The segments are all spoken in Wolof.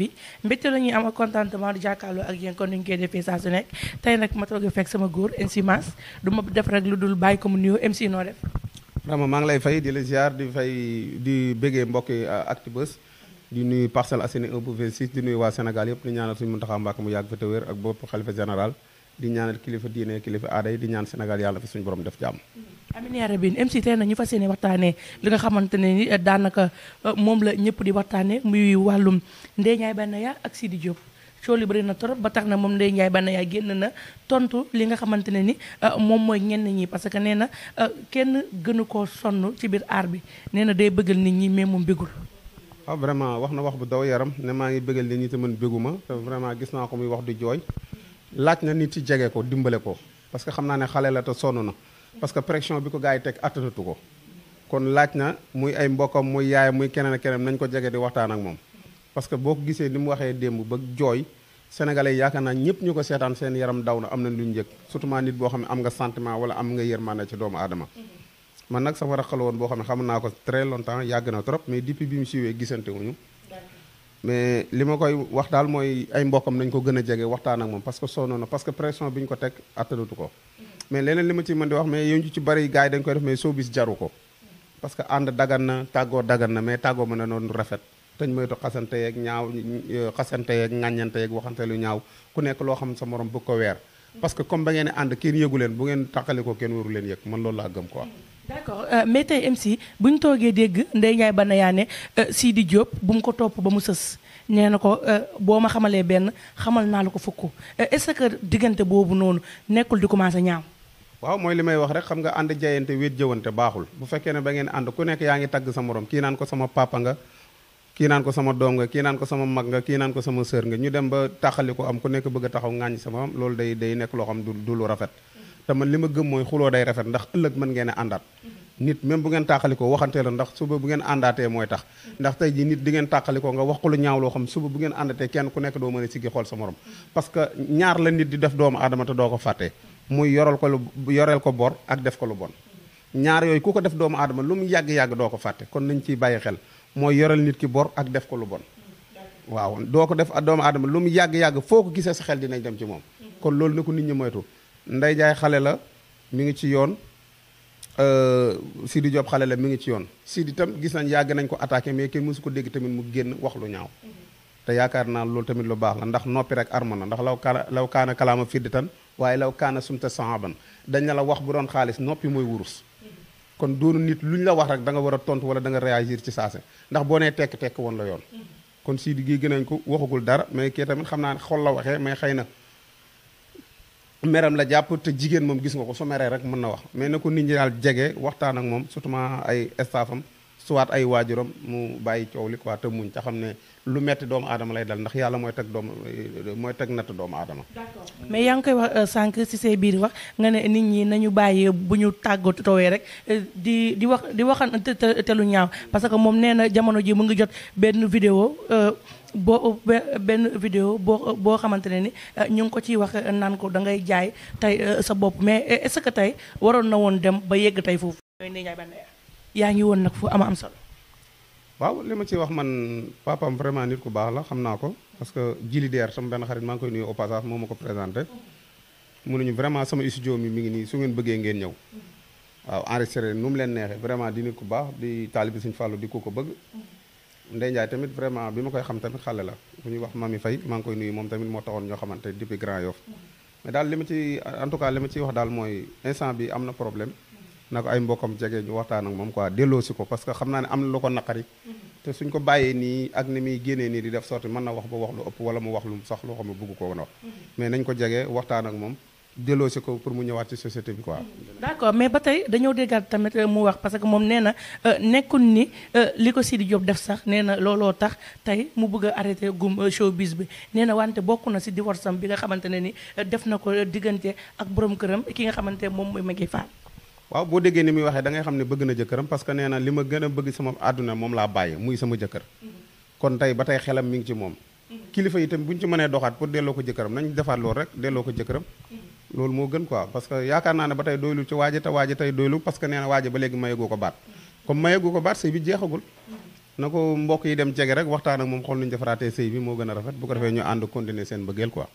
bi mbégte la ñuy am ak contentement di ak yéen kon ni ñu koy defee saa su nekk tey nag ma toog fekk sama góor MC Mass ma def rek lu dul bàyyi ko mu nuyoo MC noo def. Rama maa ngi lay fay di la ziar di fay di bëggee mbokki euh, ak di nuyu Parcelles Assainies 1 bu 26 di nuyu waa Sénégal yëpp di ñaanal suñu Mountakha Mbacké mu yàgg fa te ak bopp xalifa général. di ñaanal kilifa diine kilifa aada yi di ñaan Sénégal yàlla fi suñu borom def jàmm. amin yaa rabbi MC tey nag ñu fa yéene waxtaanee li nga xamante ne ni eh, daanaka eh, moom la ñëpp di waxtaanee muy wàllum Ndeye Ndiaye Banaya ak Sidi Diop. coow li bëri na trop ba tax na moom Ndeye Ndiaye Banaya génn na tontu li nga xamante ne ni eh, moom mooy ñenn ñi parce que nee na kenn gënu ko sonn ci biir aar bi nee na day bëggal nit ñi mais moom bëggul. waaw ah, vraiment wax na wax bu daw yaram ne maa ngi bëggal nit man bëgguma vraiment gis naa ko muy wax di jooy. laaj na nit ci jege ko dimbale ko parce que xam naa ne xale la te sonn na parce que pression bi ko gars yi teg attanatu ko kon laaj na muy ay mbokkam muy yaay muy keneen ak keneen nañ ko jege di waxtaan ak moom parce que boo ko gisee ni mu waxee démb ba jooy sénégalais yi yaakaar naa ñëpp ñu ko seetaan seen yaram daw na am na lu ñu njëkk surtout nit boo xam ne am nga sentiment wala am nga yërmande ci doomu aadama man nag sama raxal woon boo xam ne xam naa ko très longtemps yàgg na trop mais depuis bi mu siiwee gisante mais li ma koy wax daal mooy ay mbokkam nañ ko gën a jege waxtaan ak moom parce que sonn parce que pression bi ñu ko teg attanatu ko mais leneen li ma ci mën di wax mais yow ñu ci bari gars yi dañ koy def mais soo bis jaru ko parce que ànd dagan na tàggoo dagan na mais tàggoo mën na noonu rafet teñ moytu xasante yeeg ñaaw xasante yeeg ŋàññante yeeg waxante lu ñaaw ku nekk loo xam sa morom bëgg ko weer parce que comme ba ngeen ànd kenn yëgu leen bu ngeen tàqali ko kenn waru leen yëg man loolu laa gëm quoi d'accord euh, mais tey MC bu ñu toogee dégg Ndeye Ndiaye Banaya yaa euh, sii di Diop bu mu ko topp ba mu sës nee na ko euh, boo ma xamalee benn xamal naa la ko fukk est-ce que diggante boobu noonu nekkul di commencé ñaaw. waaw mooy li may wax rek xam nga ànd jayante wéet jëwante baaxul bu fekkee ne ba ngeen ànd ku nekk yaa ngi tagg sa morom kii naan ko sama papa nga kii naan ko sama doom nga kii naan ko sama mag nga kii naan ko sama sœur nga ñu dem ba taxali ko am ku nekk bëgg a taxaw ŋaañ sama loolu day day nekk loo xam du du lu rafet. te man li ma gëm mooy xuloo day rafet ndax ëllëg mën ngeen a àndaat nit même bu ngeen tàqalikoo waxantee la ndax suba bu ngeen àndaatee mooy tax ndax tey jii nit di ngeen tàqalikoo nga wax ko lu ñaaw loo xam suba bu ngeen àndatee kenn ku nekk doo mën a siggi xool sa morom parce que ñaar la nit di def doomu aadama te doo ko fàttee muy yoral ko lu yoreel ko bor ak def ko lu bon ñaar yooyu ku ko def doomu aadama lu mu yàgg-yàgg doo ko fàttee kon nañ ciy bàyyi xel mooy yoral nit ki bor ak def ko lu bon waaw doo ko def doomu aadama lu mu yàgg-yàgg foo ko gisee sa xel dinañ dem ci moom kon loolu na ko nit ñi moytu Ndey Jaay xale la mi ngi ci yoon euh, Sidi Diop xale la mi ngi ci yoon Sidi tam gis nañ yàgg nañ ko attaqué mais kenn ko dégg tamit mu génn wax lu ñaaw mm-hmm. te yaakaar naa loolu tamit lu baax la ndax noppi rek arma na ndax law kaana law kaana kalaama fiddi tan waaye law kaana sumta sahaban dañ la wax bu doon xaalis noppi mooy wurus mm-hmm. kon doonu nit lu ñu la wax rek da nga war a tontu wala da nga réagir ci saase ndax boo nee tekki tekk woon la yoon mm-hmm. kon Sidi gi gën nañ ko waxagul dara mais kii tamit xam naa xol la waxee mais xëy na meram la jàpp te jigéen moom gis nga ko su meree rek mën na wax mais na ko nit ñi daal jege waxtaan ak moom surtout ay staffam suwaat ay waajuram mu bàyyi coow li quoi te muñ ca xam ne lu metti doomu aadama lay dal ndax yàlla mooy teg doomu mooy teg natt doomu aadama. mais yaa ngi koy wax euh, sànq si say biir wax nga ne nit ñi nañu bàyyee bu ñu tàggatoo rek euh, di di wax di waxan te telu ñaaw parce que moom nee na jamono ji mu ngi jot benn vidéo euh, boo benn vidéo boo boo xamante ne ni ñu ngi ko ciy wax naan ko da ngay jaay tey sa bopp mais est-ce tey waroon na woon dem ba yegg tey foofu. yaa ngi woon nag fu ama am solo. waaw li ma ci wax man papam vraiment nit ku baax la xam naa ko parce que jili deer sama benn xarit maa ngi koy nuyu au passage moo ma ko présenté mu ñu vraiment sama studio mi mi ngi nii su ngeen bëggee ngeen ñëw nu mu leen neexee vraiment di nit ku baax di taalibi Sëñ Fàllu di ko ko bëgg Ndeye Ndiaye tamit vraiment bi ma koy xam tamit xale la bu ñuy wax Mami Faye maa ngi koy nuyu moom tamit moo taxoon ñoo xamante depuis Grand Yoff mais daal li ma ci en tout cas li ma ciy wax daal mooy instant bi am na problème na ko ay mbokkam jege ñu waxtaan ak moom quoi delloo si ko parce que xam naa ne am na lu ko naqari te suñ ko bàyyee nii ak ni muy génnee nii di def sorti mën na wax ba wax lu ëpp wala mu wax lu sax loo xam ne bëgg koo wax mais ko jege waxtaan moom delloo si ko pour mu ñëwaat ci société bi quoi. d'accord mais ba tey dañoo déggaat tamit euh, mu wax parce que moom nee na euh, ni euh, li ko Sidi Diop def sax nee na looloo tax tey mu bëgg a arrêté gum showbiz bi nee na wante bokk na si divorce am bi nga xamante ne ni def na ko diggante ak boroom këram ki nga xamante moom mooy Maguette Fall. waaw boo déggee ni muy waxee da xam ne bëgg na jëkkëram parce que nee li ma gën a bëgg sama àdduna moom laa bàyyi muy sama jëkkër mm-hmm. kon tey ba tey xelam mi ngi ci moom mm-hmm. kilifa itam bu ñu ci mënee doxaat pour delloo ko jëkkëram nañ defaat loolu rek delloo ko jëkkëram mm-hmm. loolu moo gën quoi parce que yaakaar naa ne ba tey doylu ci waaje te waaje tey doylu parce que nee na waaje ba léegi mayegoo ko baat comme mayegoo ko baat sëy bi jeexagul na ko mbokk yi dem jege rek waxtaan ak moom xool nuñu defaraatee sëy bi moo gën a rafet bu ko defee ñu ànd continuer seen bëggeel quoi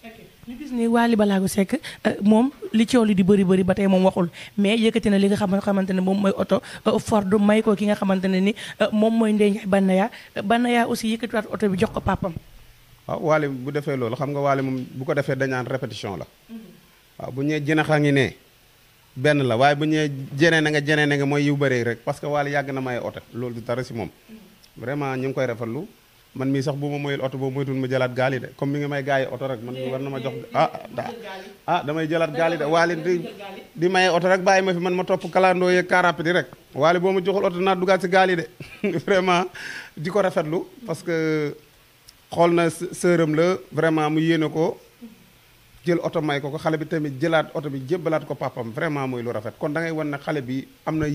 ñu gis euh, moom li coow li di bëri bëri ba tey moom waxul mais yëkkati na li nga xamante ne moom mooy oto euh, Ford may ko ki nga xamante ne ni euh, moom mooy Ndeye Ndiaye Banaya Banaya aussi yëkkatiwaat oto bi jox ko papam waaw ah, Waly bu defee loolu xam nga Waly moom bu ko defee dañaan répétition la waaw mm-hmm. ah, bu ñee jinaxaa ngi ne benn la waaye bu ñee jenee na nga jenee na mooy yu bëree rek parce que Waly yàgg na may oto loolu du dara moom mm-hmm. vraiment ñu ngi koy rafetlu man mii sax bu ma moyul oto boobu moytuwul ma jëlaat gaali yi de comme ngi may gaay oto rek man war na ma jox ah, ah damay jëlaat gaal yi de waale di di maye oto rek bàyyi ma fi man ma topp kalandoo yeeg car di rek waale boo ma joxul oto naa dugaat si gaal de vraiment di ko rafetlu parce que xool na sëram la vraiment mu yéene ko jël oto may ko ko xale bi tamit jëlaat oto bi jébbalaat ko papam vraiment muy lu rafet kon dangay ngay wan xale bi am na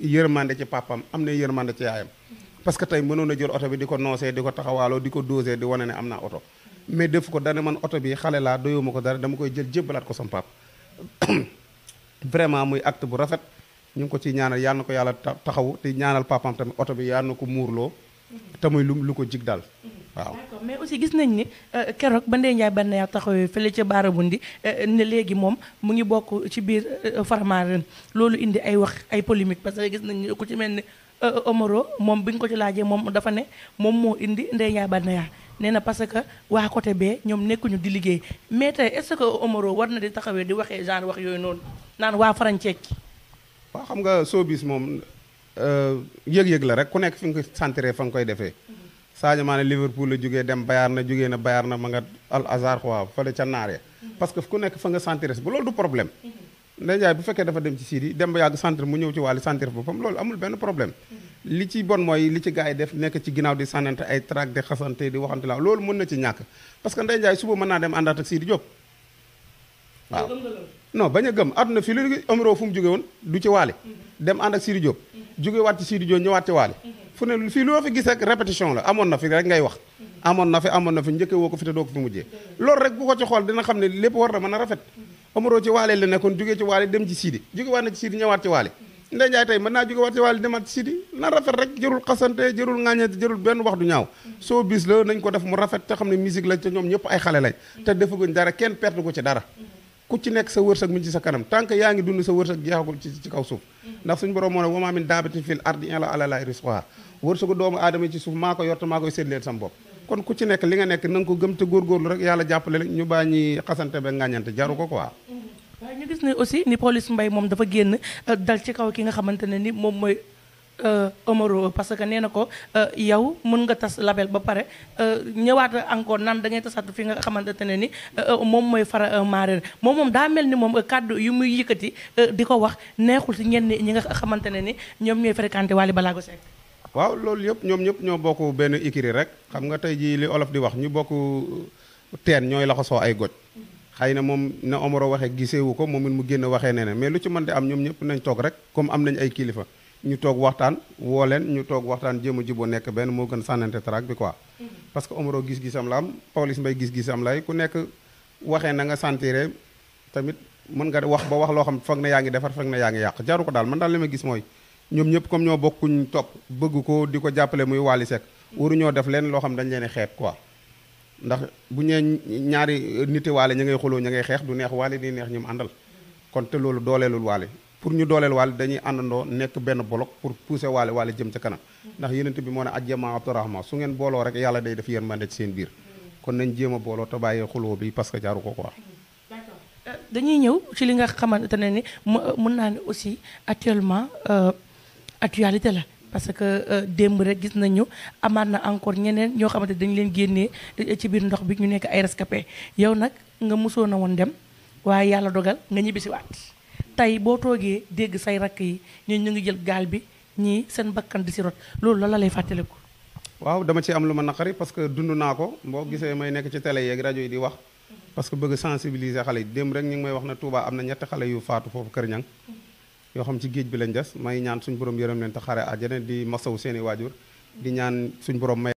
yërmande ci papam am na yërmande ci yaayam parce que tey mënoon a jël oto bi di ko noosee di ko taxawaaloo di ko dosé di wane ne am naa oto mais def ko dana man oto bi xale laa doyuma ko dara dama koy jël jébbalaat ko sam vraiment muy acte bu rafet ñu ngi ko ci ñaanal yal na ko yàlla taxawu te ñaanal papam tamit oto bi yal na ko muurloo mm-hmm. te muy lu lu ko jig daal mm-hmm. waaw aussi gis nañ ni euh, keroog ba Ndeye Ndiaye Banaya taxawee fële ca Baara Bundi euh, ne léegi moom mu ngi bokk ci biir euh, Faramaréne loolu indi ay wax ay polémique parce que gis nañ ni ku ci mel ni Euh, Omaro moom bi ñu ko ci laajee moom dafa ne moom moo indi Ndeye Ndiaye Banaya nee na parce que waa côté bee ñoom nekkuñu di liggéey mais tey est-ce que Omaro war na di taxawee di waxee genre wax yooyu noonu naan waa farañ faranceek waa xam nga showbiz moom euh, yëg-yëg la rek ku nekk fi nga ko sentiree fa nga koy defee Sadio Mané Liverpool la jógee dem Bayern na jógee na Bayern na ma nga al azar quoi fële ca naar ya mm-hmm. parce que ku nekk fa nga sentiree bu loolu du problème mm-hmm. Ndeye bu fekkee dafa dem ci Syrie dem ba yàgg centre mu ñëw ci wàllu centre boppam loolu amul benn problème li ci bon mooy li ci gars yi def nekk ci ginnaaw di sànnante ay trac di xasante di waxante la loolu mën na ci ñàkk parce que Ndeye Ndiaye suba mën naa dem àndaat ak Sidi Diop waaw non bañ a gëm àdduna fii lu Omaro fu mu jóge woon du ci waale mm-hmm. dem ànd ak Sidi Diop mm-hmm. jóge waat ci Sidi Diop ñëwaat ci waale mm-hmm. fu ne fii loo fi gis rek répétition la amoon na fi rek ngay wax amoon na fi amoon na fi njëkkee woo ko fi te doo ko fi mujjee loolu rek bu ko ci xool dina xam ne lépp war na mën a rafet Omaro ci waale la nekkoon jógee ci waale dem ci Sidi jóge waat na ci Sidi ñëwaat ci waale Ndeye Ndiaye tey mën naa jóge waat ci waale demaat ci Sidi na rafet rek jërul xasante jërul ŋaañante jërul benn wax du ñaaw soo ko def rafet te xam ne musique la te ñëpp ay xale lañ te defaguñ dara kenn perte ko ci ku ci nekk sa wërsëg mu ci sa kanam tant que yaa ngi dund sa wërsëg jeexagul ci ci kaw suuf ndax suñu borom moo ku nekk li nga nekk na nga ko gëm te góorgóorlu rek yàlla jàppale ñu bàññi xasante ba ko quoi ne aussi ni Pawlish mbay moom dafa génn euh, dal ci kaw ki nga xamante ne ni moom mooy euh, Omaro parce que nee na ko euh, yow mën nga tas label ba pare ñëwaat encore naan da ngay tasaat fi nga xamante ne ni moom mooy fara maareer moom moom daa mel ni moom kàddu yu muy yëkkati di ko wax neexul si ñenn ñi nga xamante ne ni ñoom ñooy fréquenté Wally Ballago Seck waaw loolu yëpp ñoom ñëpp ñoo bokk benn ikiri rek xam nga tey jii li olof di wax ñu bokk teen ñooy laxasoo ay goj xay na moom na Omaro waxee giseewu ko moom it mu génn waxee nee na mais lu ci man di am ñoom ñëpp nañ toog rek comme am nañ ay kilifa ñu toog waxtaan woo leen ñu toog waxtaan jéem a juboo nekk benn moo gën sànnante track bi quoi mm-hmm. parce que Omaro gis-gisam la am Pawlish Mbaye gis-gisam lay ku nekk waxee na nga sentiré tamit mën nga wax ba wax loo xam foog na yaa ngi defar foog na yaa ngi yàq jaru ko daal man daal li ma gis mooy ñoom ñëpp comme ñoo bokku topp bëgg ko di ko jàppale muy Wally Seck mm-hmm. waruñoo def leen loo xam dañ leen xeeb quoi ndax bu ñee ñaari niti waale ña ngay xuloo ña ngay xeex du neex waale di neex ñi mu àndal kon te loolu dooleelul waale pour ñu dooleel waale dañuy àndandoo nekk benn bloc pour pousser waale waale jëm ca kanam ndax yenente bi moo ne ajjama abdourahman su ngeen booloo rek yàlla day def yërmande ci seen biir kon nañ jéema a booloo te bàyyee xuloo bi parce que jaaru ko quoi dañuy ñëw ci li nga xamante ne ni mën naa ne aussi actuellement euh, actualité la parce que euh, démb rek gis nañu amaat na encore ñeneen ñoo xamante dañ leen génnee euh, ci biir ndox bi ñu nekk ay rescapé yow nag nga mosoon na woon dem waaye yàlla dogal nga ñibbi si ñibbisiwaat tey boo toogee dégg say rakk yi ñun ñu ngi jël gaal bi ñii seen bakkan di si rot loolu la la lay fàttaliku. waaw dama ci am lu ma naqari parce que dund naa ko boo gisee may nekk ci télé yeeg rajo yi di wax parce que bëgg sensibiliser xale yi démb rek ñu ngi may wax na Touba am na ñetti xale yu faatu foofu Kër Ñang yoo xam ci géej bi lañ des may ñaan suñu borom yërëm leen te xare àjjana di masaw seeni waajur di ñaan suñu borom may